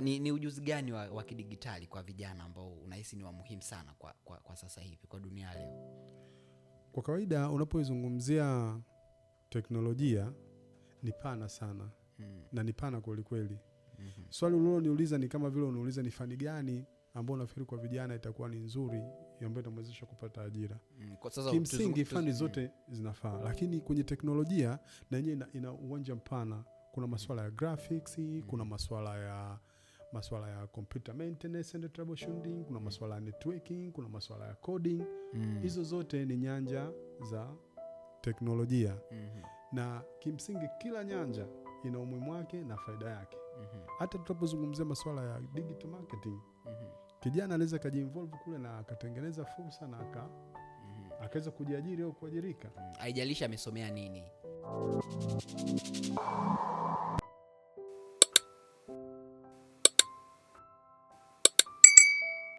ni, ni ujuzi gani wa, wa kidigitali kwa vijana ambao unahisi ni wa muhimu sana kwa, kwa, kwa sasa hivi kwa dunia leo? Kwa kawaida unapoizungumzia teknolojia ni pana sana hmm. na ni pana kwelikweli mm-hmm. Swali uliloniuliza ni kama vile unauliza ni fani gani ambao unafikiri kwa vijana itakuwa ni nzuri ambayo itamwezesha kupata ajira mm, kimsingi fani zote hmm. zinafaa mm. lakini kwenye teknolojia na yenyewe ina, ina uwanja mpana kuna maswala ya graphics mm. kuna hmm. maswala ya maswala ya computer maintenance and troubleshooting, kuna maswala ya networking, kuna maswala ya coding mm. hizo mm. zote ni nyanja za teknolojia mm-hmm. na kimsingi kila nyanja ina umuhimu wake na faida yake mm-hmm. hata tunapozungumzia maswala ya digital marketing mm-hmm. kijana anaweza akajiinvolve kule na akatengeneza fursa na aka mm-hmm. akaweza kujiajiri au kuajirika mm. haijalishi amesomea nini